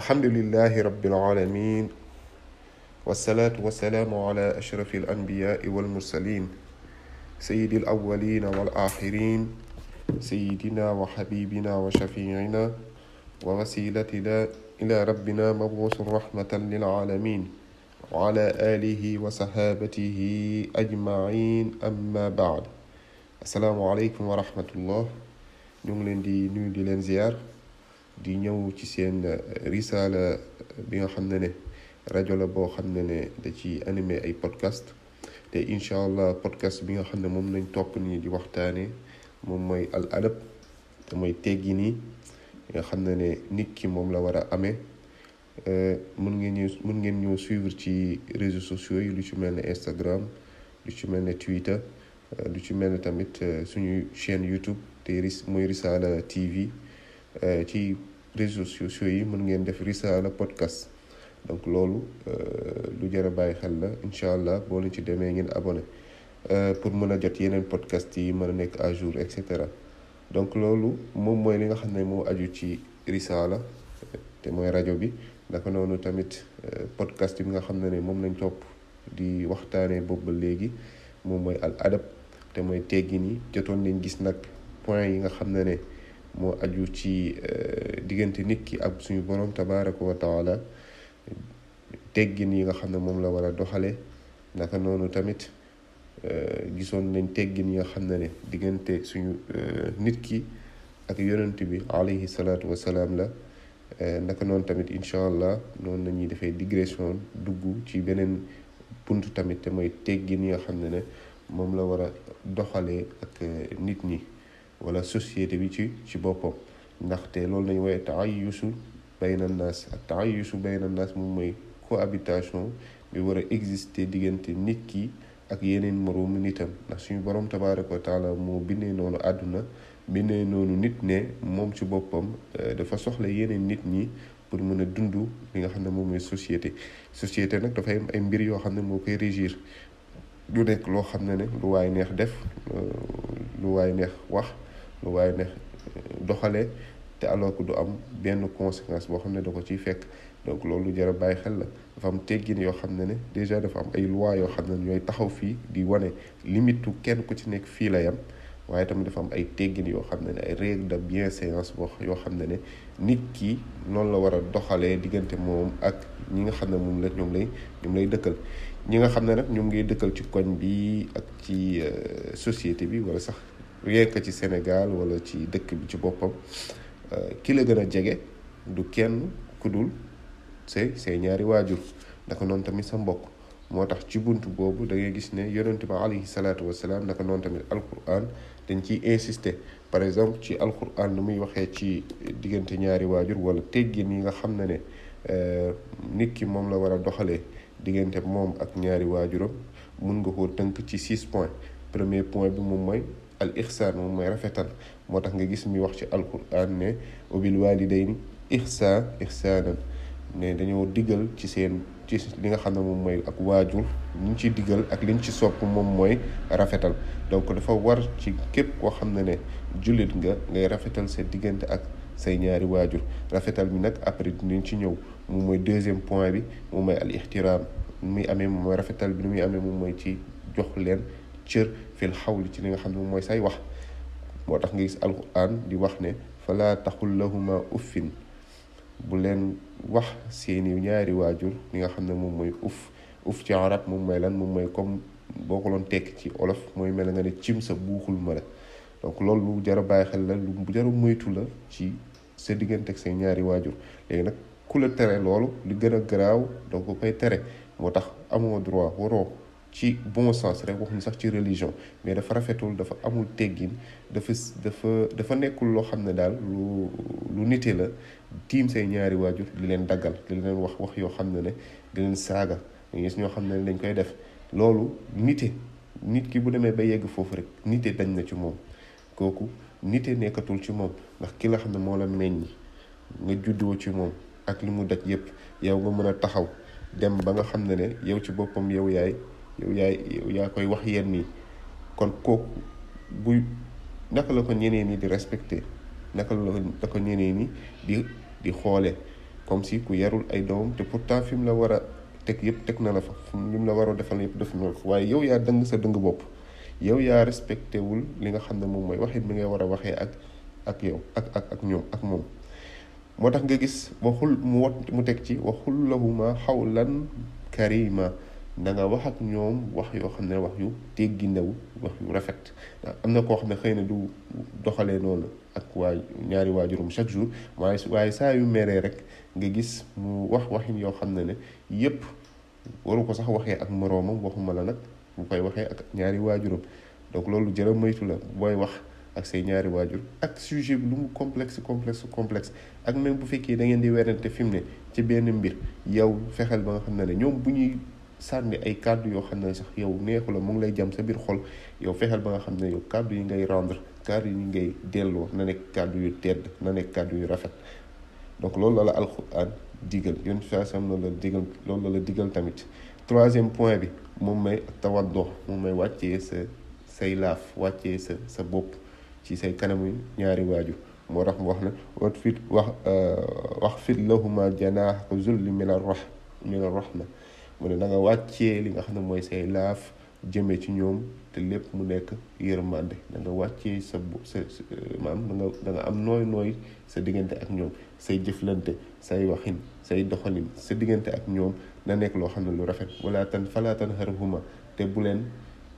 alhamdulilahi rabbil alamin wasalaatu wasalaamu ala ashrafi al anbiyaai wal mursalin sayidi al awalina wal axirin sayidina wa xabibina wa shafiina wa wasilatina ila rabbina mabuusu rahmatan lil alamin wa ala alihi wa sahabatihi ajmain amma baad asalaamu aleykum wa rahmatullah ñu ngi leen di nuyu di leen ziyaar di ñëw ci seen euh, risaala bi nga xam ne ne rajo la boo xam ne ne da ci animé ay podcast te incha allah podcast bi nga xam ne moom lañ topp nii di waxtaane moom mooy al adab te mooy teggi nii nga xam ne ne nit ki moom la war a amee euh, mën ngeen ñu mën ngeen ñëw suivre ci réseaux sociaux yi lu ci mel ne Instagram lu ci mel ne Twitter euh, lu ci mel ne tamit suñu chaîne YouTube te ris mooy Risaala TV ci réseaux sociaux yi mën ngeen def Risaala podcast donc loolu euh, lu jër bàyyi xel la incha allah boo leen ci demee ngeen abonné euh, pour mën a jot yeneen podcast yi mën a nekk à jour et cetera donc loolu moom mooy li nga xam ne moo aju ci Risaala te mooy rajo bi naka noonu tamit euh, podcast bi nga xam ne ne moom lañ topp di waxtaanee boobu ba léegi moom mooy al adab te mooy teggin yi jotoon nañ gis nag point yi nga xam ne ne. moo aju ci euh, diggante nit ki ak suñu borom tabaraka wa taala teggin yi nga xam ne moom la war a doxale naka noonu tamit euh, gisoon nañ teggin yi nga xam ne ne diggante suñu euh, nit ki ak yonent bi alayhi salaatu wasalaam la naka noonu tamit incha allah noonu la ñuy defee digression dugg ci beneen bunt tamit te teggin yi nga xam ne ne moom la war a doxalee ak nit ñi wala société bi ci ci boppam ndaxte loolu lañu su taayusu bayna naas ak taayusu bayna naas moom mooy cohabitation bi war a exister diggante nit ki ak yeneen moroomu nitam ndax suñu borom tabaraka wa taala moo bindee noonu àdduna bindee noonu nit ne moom ci boppam euh, dafa soxla yeneen nit ñi pour mën a dundu li nga xam ne moom mooy societé société nag dafay am ay mbir yoo xam ne moo koy régir du nekk loo xam ne ne lu waay neex def euh, lu waay neex wax lu waaye ne eh, doxalee te alors que du am benn conséquence boo xam ne da ko ciy fekk donc loolu jara bàyyi xel la dafa am teggin yoo xam ne ne déjà dafa ay loi yoo xam ne ñooy taxaw fii di wane limite kenn ku ci nekk fii la yam waaye tamit dafa am ay teggin yoo xam ne ne ay règle bien bienséance boo yoo xam ne ne nit ki loolu la war a doxalee diggante moom ak ñi nga xam ne moom la ñoom lay ñoom lay dëkkal ñi nga xam ne nag ñoom ngay dëkkal ci koñ bii ak ci euh, société bi wala sax rien ci Sénégal wala ci dëkk bi ci boppam euh, ki la gën a jege du kenn ku dul say say ñaari waajur naka noonu tamit sa mbokk moo tax ci bunt boobu da ngay gis ne yonent ba alayhi salaatu wasalaam ndaka noonu tamit alquran dañ ciy insisté par exemple ci alquran nu muy waxee ci diggante ñaari waajur wala teggin yi nga xam ne ne euh, nit ki moom la war a doxalee diggante moom ak ñaari waajuram mun nga koo tënk ci six point premier point bi mu mooy al ixsaan moom mooy rafetal moo tax nga gis mi wax ci alquran ne ubil day ixsaan ixsaanan ne dañoo diggal ci seen ci li nga xam ne moom mooy ak waajur liñ ci digal ak liñ ci sopp moom mooy rafetal donc dafa war ci képp koo xam ne ne jullit nga ngay rafetal sa diggante ak say ñaari waajur rafetal bi nag après dinañ ci ñëw moom mooy deuxième point bi moom mooy al ixtiraam muy amee rafetal bi ni muy amee moom mooy ci jox leen cër fil xawli ci li nga xam ne moom mooy say wax moo tax nga gis alquran di wax ne fala taxul lahuma uffin bu leen wax seeni ñaari waajur li nga xam ne moom mooy uff uff ci arab moom mooy lan moom mooy comme boo ko doon tekk ci olof mooy mel nga ne cim sa buuxul ma la donc loolu lu jar a bàyyi xel la lu jar a moytu la ci sa diggante ak say ñaari waajur léegi nag ku la tere loolu li gën a garaaw donc koy tere moo tax amoo droit waroo ci bon sens rek waxuñu sax ci religion mais dafa rafetul dafa amul teggin dafa dafa dafa nekkul loo xam ne daal lu lu nite la tiim say ñaari waajur di leen daggal di leen wax wax yoo xam ne ne di leen saaga dañu gis ñoo xam ne dañ koy def loolu nite nit ki bu demee ba yegg foofu rek nite dañ na ci moom kooku nite nekkatul ci moom ndax ki la xam ne moo la meññ nga juddoo ci moom ak li mu daj yépp yow nga mën a taxaw dem ba nga xam ne ne yow ci boppam yow yaay yow yow yaa koy wax yenn yi kon kooku buy naka la ko ñeneen ñi di respecté naka la ko ñeneen ñi di di xoole comme si ku yarul ay doom te pourtant fi mu la war a teg yëpp teg na la fa fi mu la war a defal yëpp def na la fa waaye yow yaa dëng sa dëng bopp yow yaa respecté wul li nga xam ne moom mooy waxit bi ngay war a waxee ak ak yow ak ak ak ñoom ak moom moo tax nga gis waxul mu wat mu teg ci waxul lahuma xawlan karima da nga wax ak ñoom wax yoo xam ne wax yu teggi new wax yu rafet am na koo xam ne xëy na du doxalee noonu ak waa ñaari waajuram chaque jour waaye waaye saa yu meree rek nga gis mu wax waxin yoo xam ne ne yépp waru ko sax waxee ak moroomam waxuma la nag bu koy waxee ak ñaari waajuram donc loolu jërë moytu la booy wax ak say ñaari waajur ak sujet bi lu mu complexe complexe complexe ak même bu fekkee da ngeen di werante fi mu ne ci benn mbir yow fexeel ba nga xam ne ne ñoom bu ñuy sànni ay kàddu yoo xam ne sax yow neexu la mu ngi lay jam sa biir xol yow fexeel ba nga xam ne yow kàddu yi ngay rendre kàddu yi ngay delloo na nekk kàddu yu tedd na nekk kàddu yu rafet donc loolu la alxu alxuraan digal yoon saa sam loolu la loolu la la digal tamit troisième point bi moom may tawaddo may wàccee sa say laaf wàccee sa sa bopp ci say kanamu ñaari waaju moo tax mu wax ne wat wax wax fit lahuma janaaxa zulli min ar rahma mu ne na nga wàccee li nga xam ne mooy say laaf jëmee ci ñoom te lépp mu nekk yërmande da nga wàccee sa sa maam da nga da am nooy nooy sa diggante ak ñoom say jëflante say waxin say doxalin sa diggante ak ñoom na nekk loo xam ne lu rafet wala tan falaa tan xarhuma te bu leen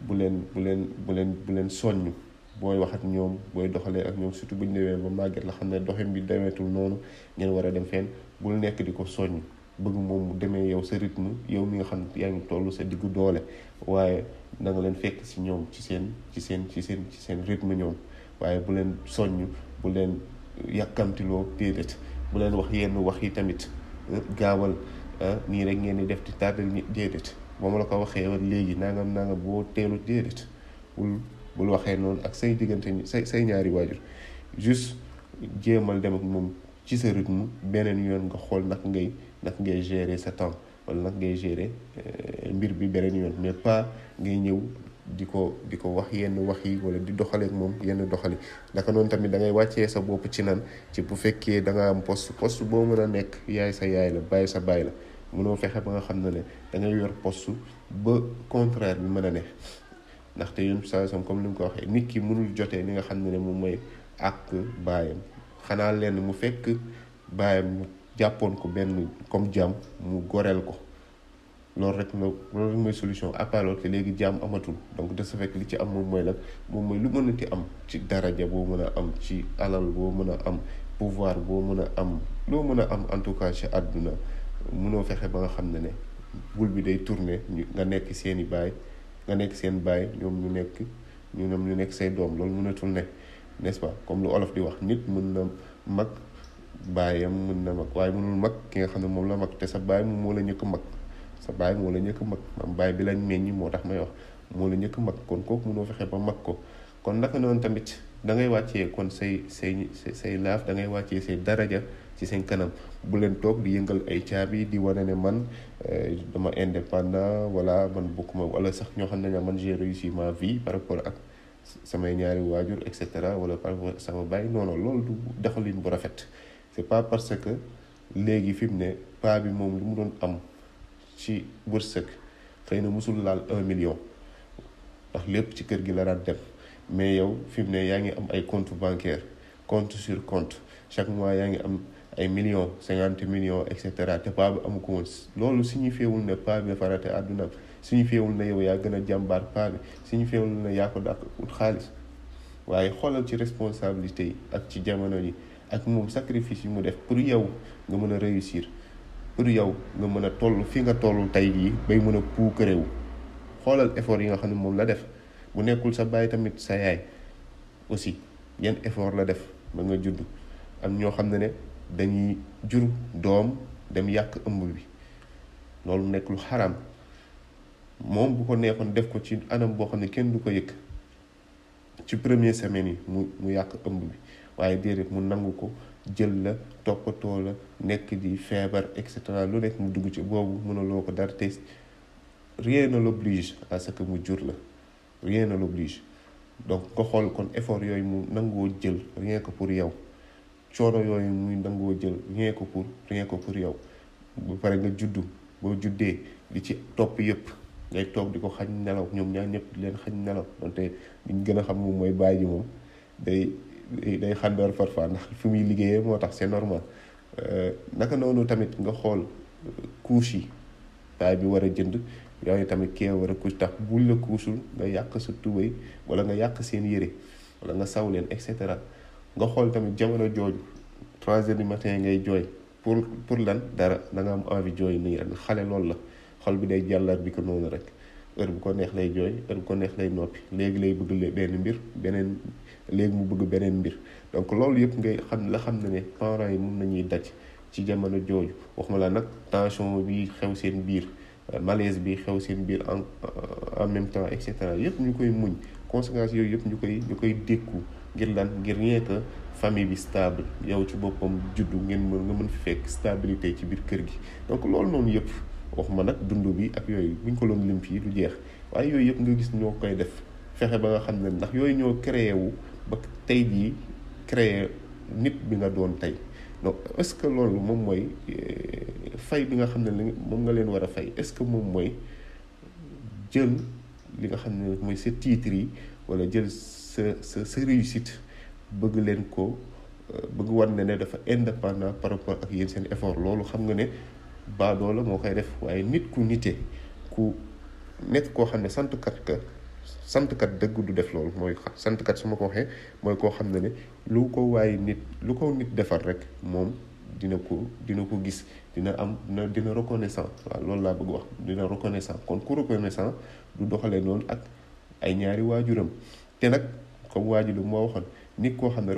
bu leen bu leen bu leen bu leen soññ booy wax ak ñoom booy doxalee ak ñoom surtout bu ñu demee ba màgget la xam ne doxin bi demeetul noonu ngeen war a dem fenn bul nekk di ko soññ bëgg moom mu demee yow sa rythme yow mi nga xam yaa ngi toll sa diggu doole waaye na leen fekk si ñoom ci seen ci seen ci seen ci seen rythme ñoom waaye bu leen soññ bu leen yàkkamtiloo déedéet bu leen wax yenn wax yi tamit euh, gaawal euh, nii rek ngeen di def di tardel ñi déedéet moom la ko waxee woon léegi nangam nangam boo teelu déedéet bul bul waxee noonu ak say diggante say say ñaari waajur juste jéemal dem ak moom ci sa rythme beneen yoon nga xool nag ngay naka ngay gérer sa temps wala nag ngay gérer euh, mbir bi beneen yoon mais pas ngay ñëw di ko di ko wax yenn wax yi wala di doxaleek moom yenn doxali naka noonu tamit da ngay wàccee sa bopp ci nan ci bu fekkee danga am poste post boo mën a nekk yaay sa yaay la bàyyi sa baay la mënoo fexe ba nga xam ne ne da ngay yor poste ba contraire bi mën a ne ndaxte yéen saa sam comme ni mu ko waxee nit ki mënul jotee li nga xam ne ne moom mooy ak baayam xanaa lenn mu fekk baayam jàppoon ko benn comme jaam mu goreel ko loolu rek no mooy solution à part léegi jàmm amatul donc de ce fait li ci am moom mooy nag moom mooy lu mënati am ci daraja boo mën a am ci alal boo mën a am pouvoir boo mën a am loo mën a am en tout cas ci àdduna mënoo fexe ba nga xam ne ne bul bi day tourner nga nekk seen i baay nga nekk seen baay ñoom ñu nekk ñoom ñu nekk say doom loolu mënatul ne n'est-ce comme lu olof di wax nit mën na mag baayam mën na mag waaye mënul mag ki nga xam ne moom la mag te sa baay moom moo la ñëkk mag sa baay moo ñëkk mag maam bi lañ meññi moo tax may wax moo la ñëkk mag kon kooku mënoo fexe ba mag ko kon naka noonu tamit da ngay wàccee kon say say say laaf da ngay wàccee say daraja ci seen kanam bu leen toog di yëngal ay caabi di wane ne man eh, dama indépendant wala man ma wala sax ñoo xam ne man j'ai réussi ma vie par rapport ak samay ñaari waajur et cetera wala par rapport sama baay non non loolu du bu rafet. c'est pas parce que léegi fi mu ne paa bi moom mu doon am ci wërsëg xëy na musul laal million ndax lépp ci kër gi la daan mais yow fi mu ne yaa ngi am ay compte bancaire compte chaque mois yaa ngi am ay millions cinquante millions et cetera te paa bi amu ko woon loolu signifié wul ne paa bi dafa rate àdduna signifié wul na yow yaa gën a jàmbaar paa bi signifié wul ne yaa ko dàq ut xaalis waaye xoolal ci responsabilité yi ak ci jamono ji ak moom sacrifice yi mu def pour yow nga mën a réussir pour yow nga mën a toll fi nga toll tey bay mën a puukareewu xoolal effort yi nga xam ne moom la def bu nekkul sa baay tamit sa yaay aussi yan effort la def ba nga judd ak ñoo xam ne ne dañuy jur doom dem yàq ëmb bi loolu nekkul lu xaram moom bu ko neexoon def ko ci anam boo xam ne kenn du ko yëg ci premier semaine yi mu mu yàq ëmb bi waaye déedéet mu nangu ko jël la toppatoo la nekk di feebar et cetera lu nekk mu dugg ci boobu mënuloo ko dara te rien ne l'oblige à ce que mu jur la rien ne l'oblige donc nga xool kon effort yooyu mu nangoo jël rien ko pour yow coono yooyu muy nangoo jël rien que pour rien que pour yow ba pare nga juddu boo juddee di ci topp yëpp ngay toog di ko xañ nelaw ñoom ñaar ñëpp di leen xañ nelaw donte liñ gën a xam moom mooy bàyyi ji moom day Eh, day xaddoor parfois ndax fi muy liggéeyee moo tax c'est normal euh, naka noonu tamit nga xool euh, couche yi taay bi war a jënd yooyu tamit kee war a couche tax bul la couchul nga yàq sa tubéy wala nga yàq seen yére wala nga saw leen et cetera nga xool tamit jamono jooju trois heures du matin ngay jooy pour pour lan dara da nga am envie jooy nii ren xale loolu la xol bi day jàllar bi ko noonu rek heure bu ko neex lay jooy heure bu ko neex lay noppi léegi lay bëgg benn mbir beneen léegi mu bëgg beneen mbir donc loolu yëpp ngay xam la xam ne ne parents yi mun nañuy daj ci jamono jooju waxuma la nag tension bi xew seen biir euh, malaise bi xew seen biir en euh, en même temps et yëpp ñu koy muñ conséquence yooyu yëpp ñu koy ñu koy dékku ngir lan ngir rien que famille bi stable yow ci boppam juddu ngeen mën nga mën fi fekk stabilité ci biir kër gi donc loolu noonu yëpp. waxuma nag dund bi ak yooyu buñ ko doon lim fii du jeex waaye yooyu yëpp nga gis ñoo koy def fexe ba nga xam ne ndax yooyu ñoo créé wu ba tey jii créé nit bi nga doon tey donc est que loolu moom mooy euh, fay bi nga xam ne li moom nga leen war a fay est-ce que moom mooy jël li nga xam ne mooy sa titre yi wala jël sa sa sa bëgg leen ko euh, bëgg wan ne ne dafa indépendant par rapport ak yéen seen effort loolu xam nga ne baadoo la moo koy def waaye nit ku nite ku nekk koo xam ne santkat ka santkat dëgg du def loolu mooy santkat su ma ko waxee mooy koo xam ne ne lu ko waaye nit lu ko nit defar rek moom dina ko dina ko gis dina am dina dina reconnaissant waaw loolu laa bëgg wax dina reconnaissant kon ku reconnaissant du doxalee noonu ak ay ñaari waajuram te nag comme waajur lu moo waxoon nit koo xam ne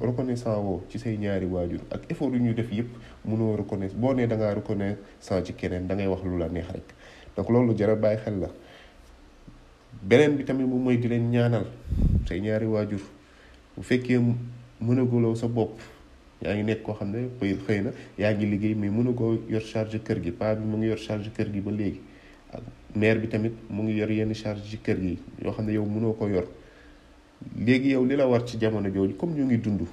reconnaissant woo ci say ñaari waajur ak effort yu ñu def yëpp mënoo reconnaître boo nee da ngaa reconnaissant ci keneen da ngay wax lu la neex rek donc loolu jara bàyyi xel la beneen bi tamit moom mooy di ñaanal say ñaari waajur bu fekkee mënaguloo sa bopp yaa ngi nekk koo xam ne xëy na yaa ngi liggéey mais mënagoo yor charge kër gi paa mu ngi yor charge kër gi ba léegi ak mère bi tamit mu ngi yor yenn charge ci kër yi yoo xam ne yow mënoo ko yor léegi yow li la war ci jamono jooju comme ñu ngi dund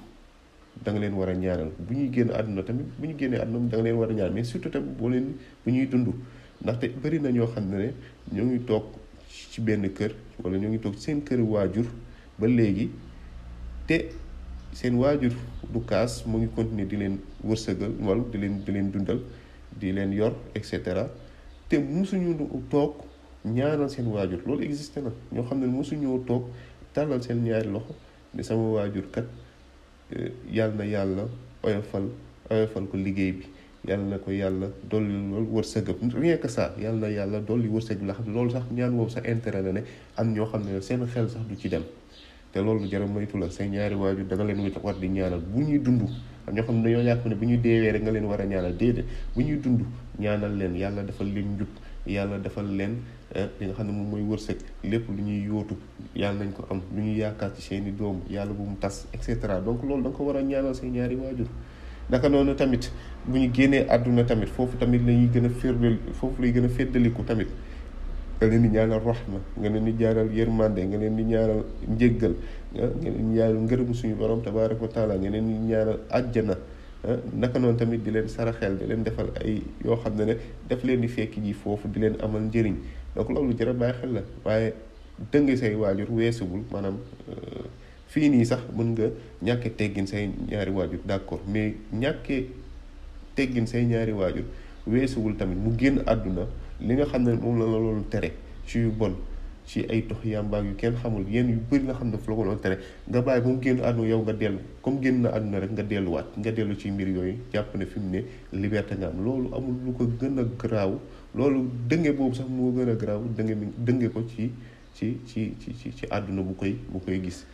da nga leen war a ñaanal bu ñuy génn àdduna tamit bu ñu génnee àdduna da danga leen war a ñaanal mais surtout tamit boo leen bu ñuy dund ndaxte bëri na ñoo xam ne ne ñoo ngi toog ci benn kër wala ñoo ngi toog seen kër waajur ba léegi te seen waajur du kaas mu ngi continuer di leen wërsëgal wala di leen di leen dundal di leen yor et cetera te mosuñu toog ñaanal seen waajur loolu existé na ñoo xam ne mosuñoo toog. tàllal seen ñaari loxo ni sama waajur kat eh, yàlla na yàlla oyofal oyofal ko liggéey bi yàlla na ko yàlla dolli loolu wërsëgam rien que ça yàlla na yàlla dolli wërsëg bi nga xam loolu sax ñaan woowu sa intérêt la ne am ñoo xam ne seen xel sax du ci dem te loolu jërë moytu la seen ñaari waajur da nga leen war di ñaanal bu ñuy dund am ñoo xam ne dañoo yàq ne bu ñuy deewee rek nga leen war a ñaanal déedéet bu ñuy dund ñaanal leen yàlla dafa leen njub yàlla defal leen eh, li xam ne moom mooy wërsëg lépp lu ñuy yootu yàlla nañ ko am lu ñuy yaakaar ci seeni doom yàlla bu mu tas et donc loolu da ko war a ñaanal say ñaari waajur naka noonu tamit bu ñu génnee àdduna tamit foofu tamit lañuy ñuy gën a férdal foofu lay gën a féddaliku tamit nga leen di ñaanal rahma nga leen di ñaanal yërmande nga leen di ñaanal njéggal ah, nga leen di ñaanal ngërëm suñu borom tabaaraka wa taala nga leen di ñaanal àjjana Ah, naka noonu tamit di leen saraxel di leen defal ay yoo xam ne ne daf leen di fekki ji foofu di leen amal njëriñ donc loolu jërë bàyyi xel la waaye dëng say waajur weesuwul maanaam ah, fii nii sax mën nga ñàkke teggin say ñaari waajur d'accord mais ñàkkee teggin say ñaari waajur weesuwul tamit mu génn àdduna li nga xam ne moom la loolu tere ci bon ci ay tox yàmbaag yu kenn xamul yéen yu bëri na xam ne fu la ko doon tere nga bàyyi ba mu génn àdduna yow nga dellu comme génn na àdduna rek nga delluwaat nga dellu ci mbir yooyu jàpp ne fi mu ne liberté nga am loolu amul lu ko gën a garaaw loolu dënge boobu sax moo gën a garaaw dënge mi dënge ko ci ci ci ci ci àdduna bu koy bu koy gis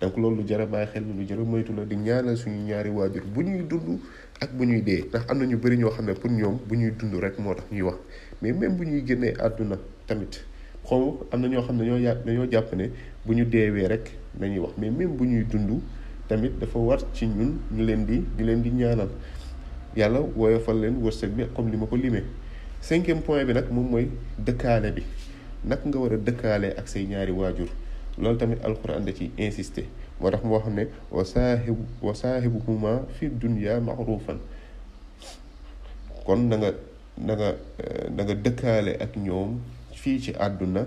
donc loolu lu jar a bàyyi xel lu jar a moytu di ñaanal suñu ñaari waajur bu ñuy dund ak bu ñuy dee ndax am na ñu bëri ñoo xam ne pour ñoom bu ñuy dund rek moo tax ñuy wax mais même bu ñuy génnee àdduna tamit xaw am na ñoo xam ne ñoo yà dañoo jàpp ne bu ñu deewee rek nañuy wax mais même bu ñuy dund tamit dafa war ci ñun ñu leen di ñu leen di ñaanal yàlla woyofal leen wërsëg bi comme li ma ko limee. cinquième point bi nag moom mooy dëkkaale bi nag nga war a dëkkaale ak say ñaari waajur loolu tamit alxuraan da ci insister moo tax moo xam ne wa saahibu wa saahibuhuma fi dunya maarufan kon na nga na nga eh, na nga dëkkaale ak ñoom fii ci àdduna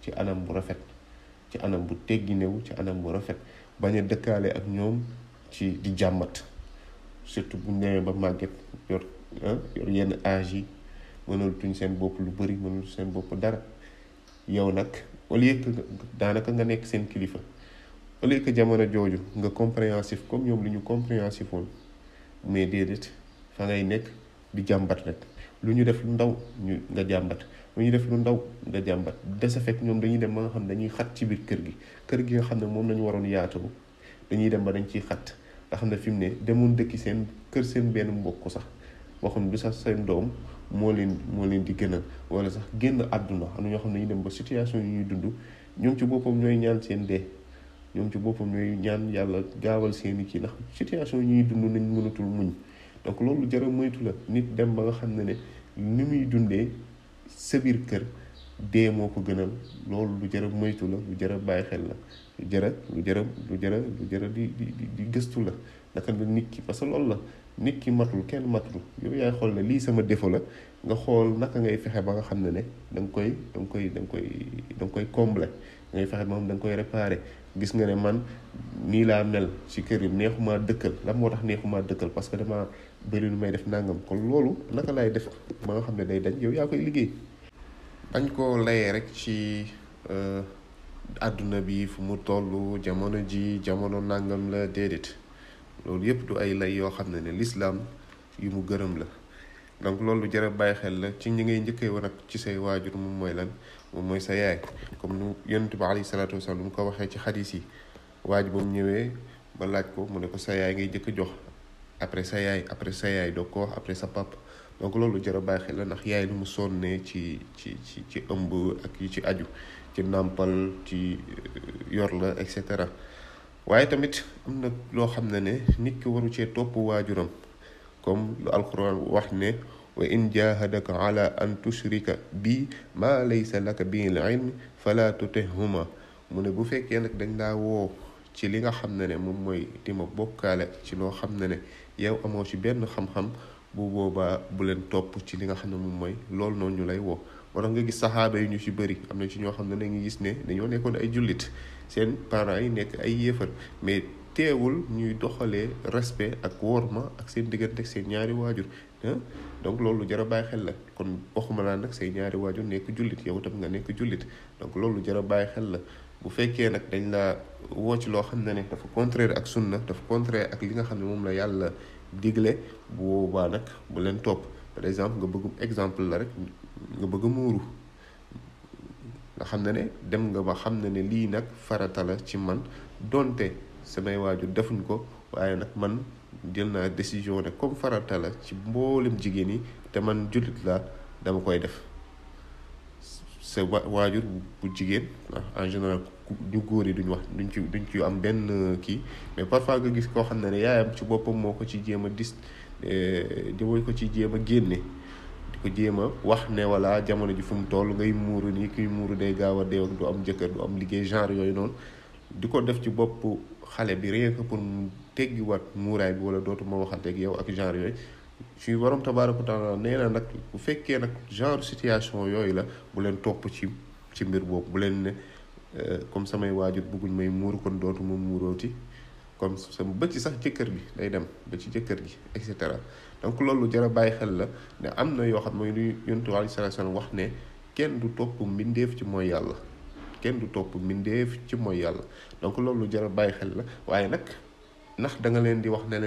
ci anam bu rafet ci anam bu tegginewu ci anam bu rafet bañ a dëkkaale ak ñoom ci di jàmbat surtout bu ñëwee ba màgget yor ah, yor yenn âge yi mënul tuñ seen bopp lu bëri mënul seen bopp dara yow nag au lieu daanaka nga nekk seen kilifa au lieu jamono jooju nga compréhensif comme ñoom lu ñu compréhensif woon mais déedéet fa ngay nekk di jàmbat rek lu ñu def lu ndaw ñu nga jàmbat mu ñuy def lu ndaw da jàmbat dese fekk ñoom dañuy dem ba nga xam dañuy xat ci biir kër gi kër gi nga xam ne moom lañu waroon yaatoo dañuy dem ba dañ ciy xat nga xam ne fi mu ne demoon dëkki seen kër seen benn mbokk sax boo ne du sax seen doom moo leen moo leen di gënal wala sax génn àdduna am na ñoo xam ne dañuy dem ba situation yi ñuy dund ñoom ci boppam ñooy ñaan seen dee ñoom ci boppam ñooy ñaan yàlla gaawal seen i kii ndax situation yi ñuy dund nañ mënatul muñ donc loolu jara moytu la nit dem ba nga xam ne ne ni muy dundee sa biir kër dee moo ko gënal loolu lu jërë moytu la lu jërë bàyyi xel la lu jërë lu jërë lu jërë lu jërë di gëstu la naka la nit ki parce la nit ki matul kenn matul yow yaay xool ne lii sama défaut la nga xool naka ngay fexe ba nga xam ne ne da nga koy da koy da koy da koy combler ngay fexe ba moom nga koy réparer gis nga ne man nii laa mel ci kër yi neexumaa dëkkal la moo tax neexumaa dëkkal parce que dama bëri lu may def nangam kon loolu naka laay def ba nga xam ne day dañ yow yaa koy liggéey dañ koo layee rek ci euh, àdduna bi fu mu toll jamono ji jamono nàngam la déedéet loolu yëpp du ay lay yoo xam ne ne lislaam yu mu gërëm la donc loolu jërë bàyyi xel la ci ñi ngay njëkkee woon ak ci say waajur moom mooy lan moom mooy sa yaay comme nu yonent bi alayhi salaatu wasalaam lu mu ko waxee ci xadis yi waaj ba mu ñëwee ba laaj ko mu ne ko sa yaay ngay njëkk jox après sa yaay après sa yaay doo ko wax après sa pap donc loolu jar a bàyyi la ndax yaay lu mu sonnee ci ci ci ci ëmb ak yi ci aju ci nàmpal ci euh, yor la et cetera waaye tamit am na loo xam ne ne nit ki waru cee topp waajuram comme lu alquran wax ne wa in jahadaka ala an tushrika bi ma laysa laka bi ilmi fala tutihuma mu ne bu fekkee nag dañ laa woo ci li nga xam ne ne moom mooy di ma bokkaale ci loo xam ne ne yow amoo ci benn xam-xam bu boobaa bu leen topp ci li nga xam ne moom mooy loolu noonu ñu lay woo moo nga gis saxaaba yi ñu ci bëri am na ci ñoo xam ne dañuy gis ne dañoo nekkoon ay jullit seen parent yi nekk ay yéefar mais teewul ñuy doxalee respect ak ma ak seen diggante seen ñaari waajur donc loolu jar a bàyyi xel la kon waxuma laa nag say ñaari waajur nekk jullit yow tam nga nekk jullit donc loolu jar a bàyyi xel la bu fekkee nag dañ la woo ci loo xam ne ne dafa contraire ak sunna dafa contraire ak li nga xam ne moom la yàlla digle bu boobaa nag bu leen topp par exemple nga bëgg exemple la rek nga bëgg muuru nga xam ne ne dem nga ba xam ne ne lii nag farata la ci man donte samay waajur defuñ ko waaye nag man jël naa décision ne comme farata la ci mboolem jigéen yi te man jullit laa dama koy def sa waajur bu jigéen en général ñu góor yi duñu wax duñ ci duñ ci am benn kii mais parfois nga gis koo xam ne ne yaayam ci boppam moo ko ci jéem a dis eh, di mooy ko ci jéem a génne di ko jéem a wax ne wala jamono ji fu mu toll ngay muuru nii kiy muuru day gaaw a ak du am jëkkër du am liggéey genre yooyu noonu di ko def ci bopp xale bi rien que pour mu teggiwaat muuraay bi wala dootuma waxanteeg yow ak genre yooyu suñu borom tabaaraka taala nee na nag bu fekkee nag genre situation yooyu la bu leen topp ci ci mbir boobu bu leen ne euh, comme samay waajur bugguñ may muuru kon dootu ma muurooti comme sama ba ci sax jëkkër gi day dem ba ci jëkkër gi et cetera donc loolu jara bàyyi xel la ne am na yoo xam mooy lu yontu alayhi salaam wax ne kenn du topp mbindeef ci mooy yàlla kenn du topp mbindeef ci mooy yàlla donc loolu jara bàyyi xel la waaye nag ndax da leen di wax ne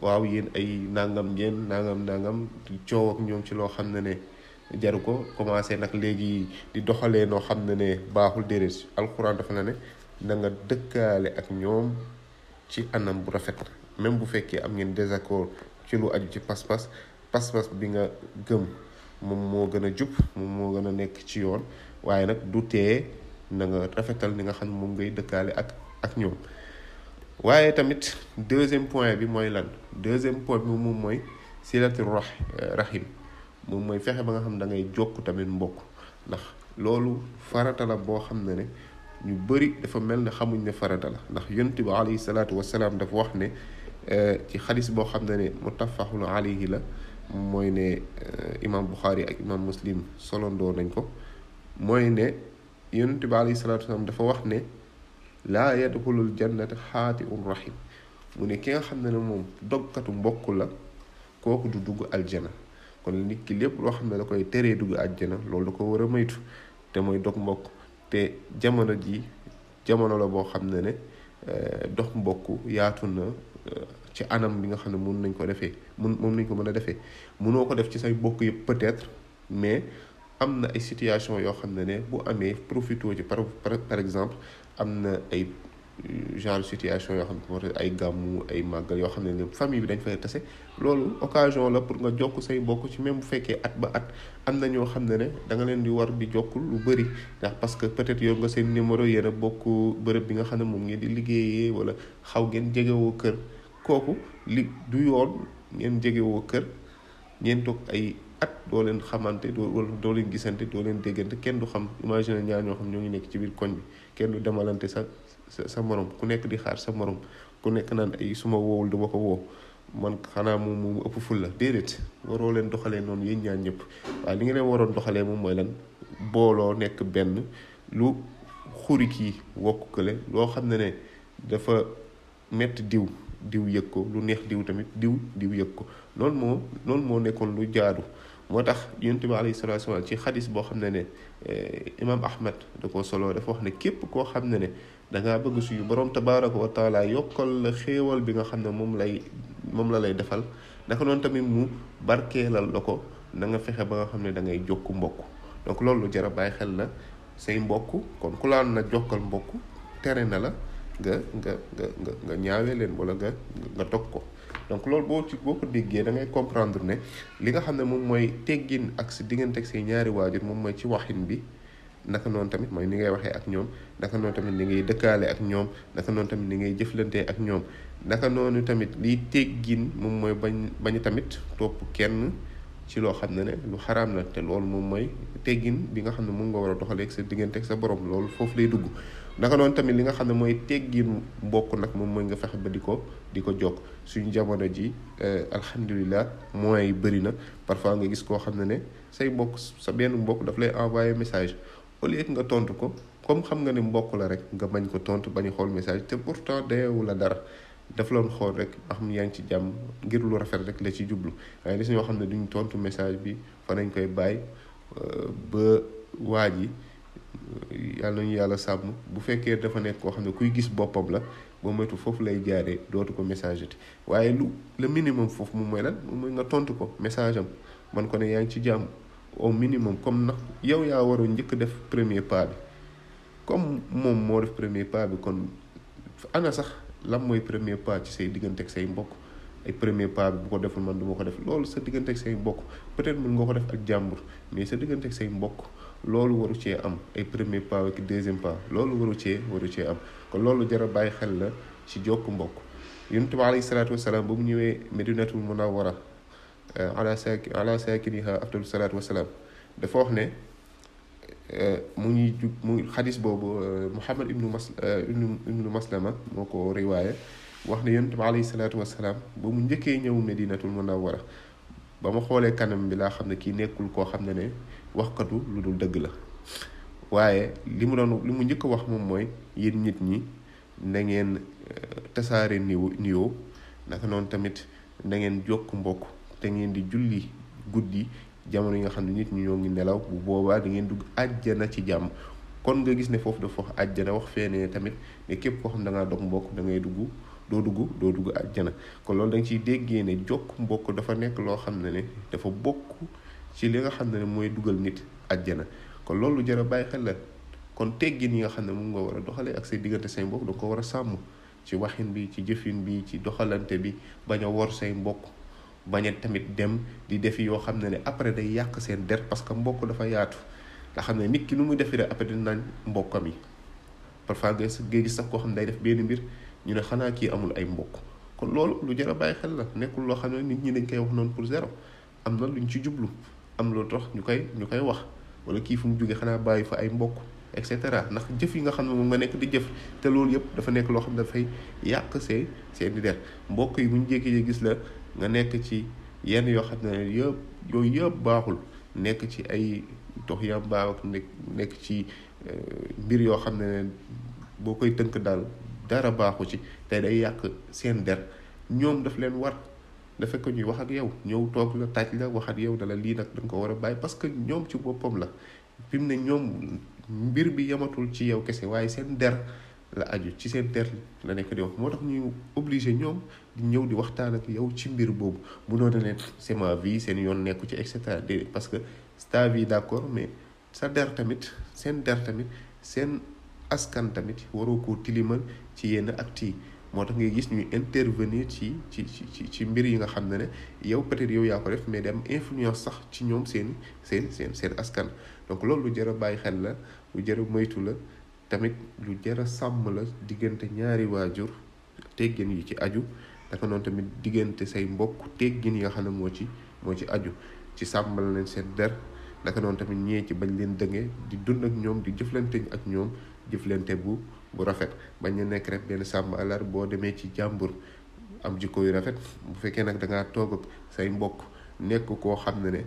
waaw yéen ay nangam ngeen nangam ndangam coow ak ñoom ci loo xam ne ne jaru ko commencé nag léegi di doxalee noo xam ne ne baaxul déedéet alxuraan dafa na ne na nga dëkkaale ak ñoom ci anam bu rafet même bu fekkee am ngeen désaccord ci lu aju ci pas-pas pas-pas bi nga gëm moom moo gën a jub moom moo gën a nekk ci yoon waaye nag du tee na nga rafetal ni nga xam moom ngay dëkkaale ak ak ñoom waaye tamit deuxième point bi mooy lan deuxième point bi moom mooy silatu ra euh, rahim moom mooy fexe ba nga xam ne da jokk tamit mbokk ndax loolu farata la boo xam ne ne ñu bëri dafa mel ne xamuñ ne farata la ndax yonent bi alayhi salaatu wasalaam dafa wax ne euh, ci xalis boo xam ne ne muttafaqun alayhi la mooy ne euh, imam Bukhari ak imam muslim solondoo nañ ko mooy ne yonent bi alayhi salaatu wasalaam dafa wax ne laa yadxulul jannata xaati un rahim mu ne ki nga xam ne ne moom dogkatu mbokk la kooku du dugg aljana kon nit ki lépp loo xam ne da koy teree dugg aljana loolu da ko war a maytu te mooy dog mbokk te jamono ji jamono la boo xam ne ne eh, dox mbokk yaatu na eh, ci anam bi nga xam ne mun nañ ko defee mun moom nañ ko mën a defee munoo ko def ci say mbokk yëpp peut-être mais am na ay situation yoo xam ne ne bu amee profité ci par par exemple am na ay genre situation yoo xam ne ay gàmmu ay màggal yoo xam ne famille bi dañ fay tase loolu occasion la pour nga jokk say bokk ci même bu fekkee at ba at am na ñoo xam ne ne da nga leen di war di jokkul lu bëri ndax parce que peut-être yor nga seen numéro yéen a bokk bërëb bi nga xam ne moom ngeen di liggéeyee wala xaw ngeen jegewoo kër kooku li du yoon ngeen jegewoo kër ngeen toog ay at doo leen xamante doo doo leen gisante doo leen déggante ken du xam imagine ñaar ñoo xam ñoo ngi nekk ci biir koñ bi kenn du demalante sa sa morom ku nekk di xaar sa morom ku nekk naan ay suma woowul duma ko woo man xanaa moom moom ëpp ful la déedéet waroo leen doxalee noonu yéen ñaan ñëpp waaye li nga leen waroon doxalee moom mooy lan booloo nekk benn lu xuri kii wokk kële loo xam ne ne dafa metti diw diw yëg ko lu neex diw tamit diw diw yëg ko loolu moo loolu moo nekkoon lu jaadu moo tax yonent bi alayhi salaatu wasalaam ci xadis boo xam ne ne eh, imaam ahmad da ko solo dafa wax ne képp koo xam ne ne dangaa bëgg suñu borom tabaraka wa taala yokkal la xéewal bi nga xam ne moom lay moom la lay defal naka noonu tamit mu barkeelal la ko na nga fexe ba nga xam ne da ngay jokku mbokk donc loolu lu jar a bàyyi xel na say mbokk kon ku laan na jokkal mbokk tere na la nga nga nga nga nga leen wala nga nga dog ko donc loolu boo ci boo ko déggee dangay ngay comprendre ne li nga xam ne moom mooy teggin ak si diggante ak say ñaari waajur moom mooy ci waxin bi naka noonu tamit mooy ni ngay waxee ak ñoom naka noonu tamit ni ngay dëkkaale ak ñoom naka noonu tamit ni ngay jëflantee ak ñoom naka noonu tamit liy teggin moom mooy bañ bañu tamit topp kenn ci loo xam ne ne lu xaraam la te loolu moom mooy teggin bi nga xam ne moom nga war a doxalee ak sa diggante ak sa borom loolu foofu lay dugg naka noonu tamit li nga xam ne mooy teggin mbokk nag moom mooy nga fexe ba di ko di ko jokk suñu jamono ji euh, alhamdulilah moyens yi bëri na parfois nga gis koo xam ne ne say mbokk sa benn mbokk daf lay envoyé message au lieu nga tontu ko comme xam nga ne mbokk la rek nga bañ ko tontu bañ xool message te pourtant dayewu la dara daf loon xool rek xam yaa ngi ci jàmm ngir lu rafet rek la ci jublu waaye gis ñoo xam ne duñu tontu message bi fa nañ koy bàyyi euh, ba waaj yi yàlla nañu yàlla sàmm bu fekkee dafa nekk koo xam ne kuy gis boppam la ba moytu foofu lay jaaree dootu ko message te waaye lu le minimum foofu moom mooy lan moom mooy nga tontu ko message am man ko ne yaa ngi ci jàmm au minimum comme na yow yaa waroon njëkk def premier pas comme moom moo def premier pas bi kon ana sax lan mooy premier pas ci say diggante ak say mbokk ay premier pas bu ko deful man duma ko def loolu sa diggante ak say mbokk peut-être mën nga ko def ak jàmbur mais sa diggante ak say mbokk loolu waru cee am ay premier pas ak deuxième pas loolu waru cee waru cee am kon loolu jar a bàyyi xel la ci jokk mbokk yonent bi alayhi salaatu wasalaam ba mu ñëwee medinatul munawwara euh, ala saaki ala saakiniha afdalu salaatu wasalaam dafa wax ne euh, mu ngi jug mu xadis boobu euh, Muhammad ibnu mas ibnu maslama moo ko riwaaya wax ne yonent bi alayhi salaatu wasalaam ba mu njëkkee ñëw medinatul munawwara ba ma xoolee kanam bi laa xam ne kii nekkul koo xam ne ne waxkatu lu dul dëgg la waaye li mu doon li mu njëkk a wax moom mooy yéen nit ñi na ngeen euh, tasaare niw nuyoo naka noonu tamit na ngeen jokk mbokk te ngeen di julli guddi jamono yi nga xam ne nit ñi ñoo ngi nelaw bu boobaa dangeen ngeen dugg àjjana ci jàmm kon nga gis ne foofu dafa wax àjjana wax feenee tamit ne képp koo xam da dog mbokk da ngay dugg doo dugg doo dugg àjjana kon loolu danga ciy déggee ne jokk mbokk dafa nekk loo xam ne ne dafa bokk ci li nga xam ne mooy dugal nit àjjana kon loolu jara bàyyi xel la kon teggin yi nga xam ne moom nga war a doxalee ak say diggante say mbokk ko war a sàmm ci waxin bi ci jëfin bi ci doxalante bi bañ a wor say mbokk bañ tamit dem di def yoo xam ne ne après day yàq seen der parce que mbokk dafa yaatu nga xam ne nit ki nu muy defee après dinañ mbokkam yi parfois ngay gis sax koo xam ne day def benn mbir ñu ne xanaa kii amul ay mbokk kon loolu lu jar a bàyyi xel la nekkul loo xam ne nit ñi dañ koy wax noonu pour zéro am na ñu ci jublu am lu tax ñu koy ñu koy wax wala kii fu mu jógee xanaa bàyyi fa ay mbokk et cetera ndax jëf yi nga xam ne moom nga nekk di jëf te loolu yëpp dafa nekk loo xam ne dafay yàq see seen di der mbokk yi bu ñu jékkee gis la nga nekk ci yenn yoo xam ne yëpp yooyu yëpp baaxul nekk ci ay dox yàmbaaw ak nekk ci euh, mbir yoo xam ne boo koy tënk daal dara baaxu ci te day yàq seen der ñoom daf leen war dafa ko ñuy wax ak yow ñëw toog la taaj la wax ak yow dala lii nag dañ ko war a bàyyi parce que ñoom ci boppam la fi mu ne ñoom mbir bi yamatul ci yow kese waaye seen der la aju ci seen der la nekk di wax moo tax ñuy obligé ñoom di ñëw di waxtaan ak yow ci mbir boobu bu noonu leen c'est ma seen yoon nekku ci et cetera parce que ta vie d'accord mais der tamit seen der tamit seen askan tamit waroo koo tilimal ci yenn actes moo tax ngay gis ñuy intervenir ci ci ci ci mbir yi nga xam ne ne yow peut-être yow yaa ko def mais dem am influence sax ci ñoom seen seen seen seen askan. donc loolu lu jar a bàyyi xel la lu jar moytu la tamit lu jar a sàmm la diggante ñaari waajur teggin yi ci aju dafa noonu tamit diggante say mbokk teggin yi nga xam ne moo ci moo ci aju ci sàmmal leen seen der naka noonu tamit ñee ci bañ leen dëngee di dund ak ñoom di jëflante ak ñoom jëflante bu. bu rafet bañ na nekk rek benn sàmm alar boo demee ci jàmbur am jikko yu rafet bu fekkee nag da ngaa toog ak say mbokk nekk koo xam ne ne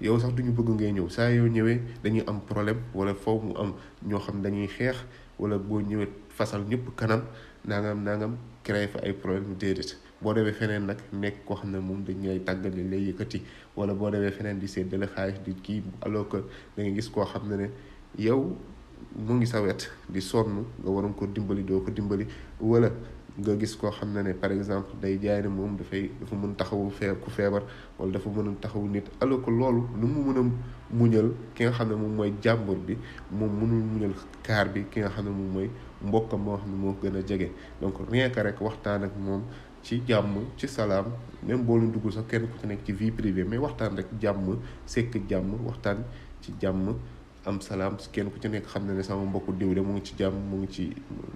yow sax duñu bëgg ngay ñëw saa yoo ñëwee dañuy am problème wala foofu mu am ñoo xam dañuy xeex wala boo ñëwee fasal ñëpp kanam nangam nangam créé fa ay problème déedéet boo demee feneen nag nekk koo xam ne moom dañ lay tàggal dañ lay yëkkati wala boo demee feneen di séddale xaalis di kii alors que da nga gis koo xam ne ne yow mu ngi sa wet di sonn nga waroon ko dimbali doo ko dimbali wala nga gis koo xam ne ne par exemple day jaay ne moom dafay dafa mën taxawu fee ku feebar wala dafa mën a taxawu nit alors que loolu nu mu mën a muñal ki nga xam ne moom mooy jàmbur bi moom mënul muñal kaar bi ki nga xam ne moom mooy mbokkam moo xam ne moo gën a jege donc rien que rek waxtaan ak moom ci jàmm ci salaam même boo leen dugg sax kenn ku ci nekk ci vie privée mais waxtaan rek jàmm sekk jàmm waxtaan ci jàmm am salaam kenn ku ci nekk xam na ne sama mbokku diw de mu ngi ci jàmm mu ngi ci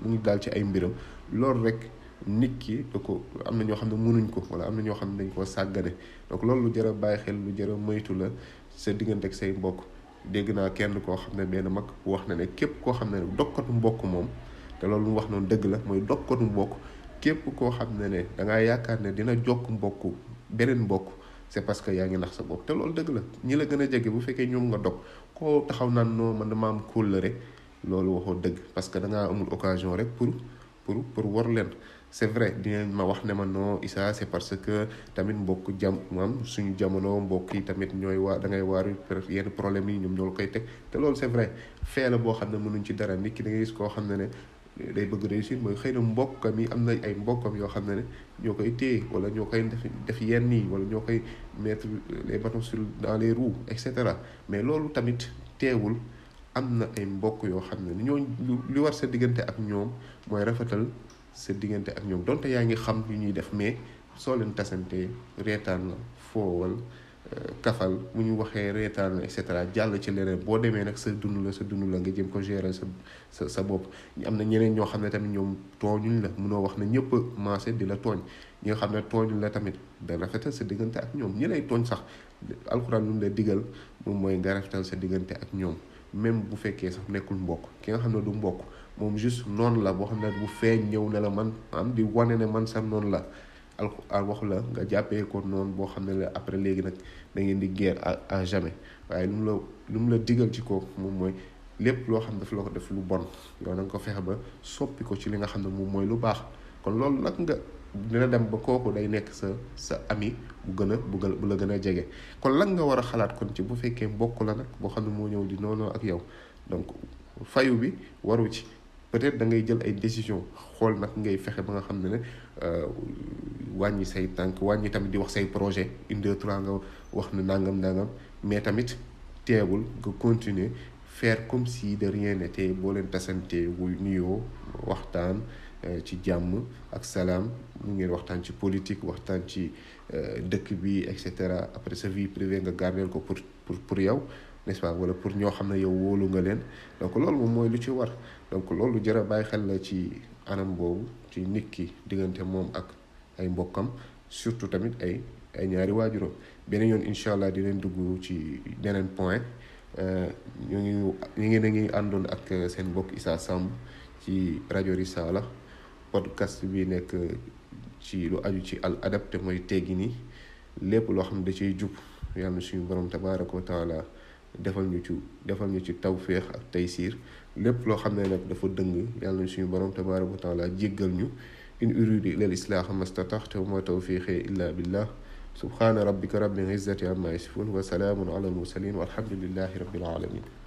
mu ngi daal ci ay mbiram loolu rek nit ki da ko am na ñoo xam ne mënuñ ko wala am na ñoo xam ne dañ koo sàggane donc loolu lu jar a bàyyi xel lu jar a moytu la sa diggante mbokk dégg naa kenn koo xam ne benn mag wax na ne képp koo xam ne ne dokkatu mbokk moom te loolu mu wax noonu dëgg la mooy dokkatu mbokk képp koo xam ne ne da yaakaar ne dina jokk mbokk beneen mbokk c'est parce que yaa ngi nax sa bopp te loolu dëgg la ñi la gën a jege bu fekkee ñoom nga dog koo taxaw naan noo man maam am kóllëre loolu waxoo dëgg parce que da amul occasion rek pour pour pour war leen c'est vrai dinañ ma wax ne ma non Issa c'est parce que tamit mbokk jam maam suñu jamono mbokk yi tamit ñooy waa da ngay waaru yenn problème yi ñoom ñoo koy teg te lool c'est vrai fee la boo xam ne mënuñ ci dara nit ki da gis koo xam ne ne day bëgg réussir mooy xëy na mbokkam yi am na ay mbokkam yoo xam ne ne ñoo koy téye wala ñoo koy def def yenn yi wala ñoo koy mettre les bâtons sur dans les roues et cetera mais loolu tamit teewul am na ay mbokk yoo xam ne ñoo li war sa diggante ak ñoom mooy rafetal sa diggante ak ñoom donte yaa ngi xam lu ñuy def mais soo leen tasante reetaan la foowal kafal bu ñu waxee reetaan et cetera jàll ci leneen boo demee nag sa dund la sa dundu la nga jëm ko gérer sa sa sa bopp am na ñeneen ñoo xam ne tamit ñoom tooñuñ la munoo wax na ñëpp a maase di la tooñ ñi xam ne tooñuñ la tamit da rafetal sa diggante ak ñoom ñi lay tooñ sax alxuraan lu mu la digal moom mooy nga rafetal sa diggante ak ñoom même bu fekkee sax nekkul mbokk ki nga xam ne du mbokk moom juste noonu la boo xam ne bu feeñ ñëw ne la man am di wane ne man sax noonu la alxuraan waxu la nga jàppee ko noonu boo xam ne la après léegi nag da ngeen di guerre à jamais waaye lu mu la lu mu la digal ci kooku moom mooy lépp loo xam ne dafa la ko def lu bon yow na nga ko fexe ba soppi ko ci li nga xam ne moom mooy lu baax kon loolu nag nga dina dem ba kooku day nekk sa sa ami bu gën a bu bu la gën a jege kon lan nga war a xalaat kon ci bu fekkee bokk la nag boo xam ne moo ñëw di noonu ak yow donc fayu bi waru ci peut-être da ngay jël ay décision xool nag ngay fexe ba nga xam ne ne Euh, wàññi say tànk wàññi tamit di wax say projet une deux nga wax na ndàngam nangam mais tamit teewul nga continuer faire comme si de rien n'était boo leen tasante bu nuyoo waxtaan euh, ci jàmm ak salaam mu ngeen waxtaan ci politique waxtaan ci euh, dëkk bi et cetera après sa vie nga gardeel ko pour pour pour yow nest wala pour ñoo xam ne yow wóolu nga leen donc loolu moom mooy lu ci war donc loolu jar bàyyi xel la ci. anam boobu ci nit ki diggante moom ak ay mbokkam surtout tamit ay ay ñaari waajuram beneen yoon incha allah di leen dugg ci beneen point euh, ñu ngi ñu ngi àndoon ak seen mbokk Issa sàmm ci rajo Risaala podcast bi nekk ci lu aju ci al adab te mooy teggi nii lépp loo xam ne da ciy jub yàlla suñu borom tabaaraka wa taala defal ñu ci defal ñu ci tawféex ak taysiir lépp loo xam ne nag dafa dëng yàlla nañ suñu borom tabaaraka wa taala jéggal ñu in uridu illa al-islaaha mastataxtu wa ma tawfiqi illa billah subhaana rabbika rabbil izzati amma yasifun wa salaamun ala al-mursalin walhamdulillahi rabbil alamin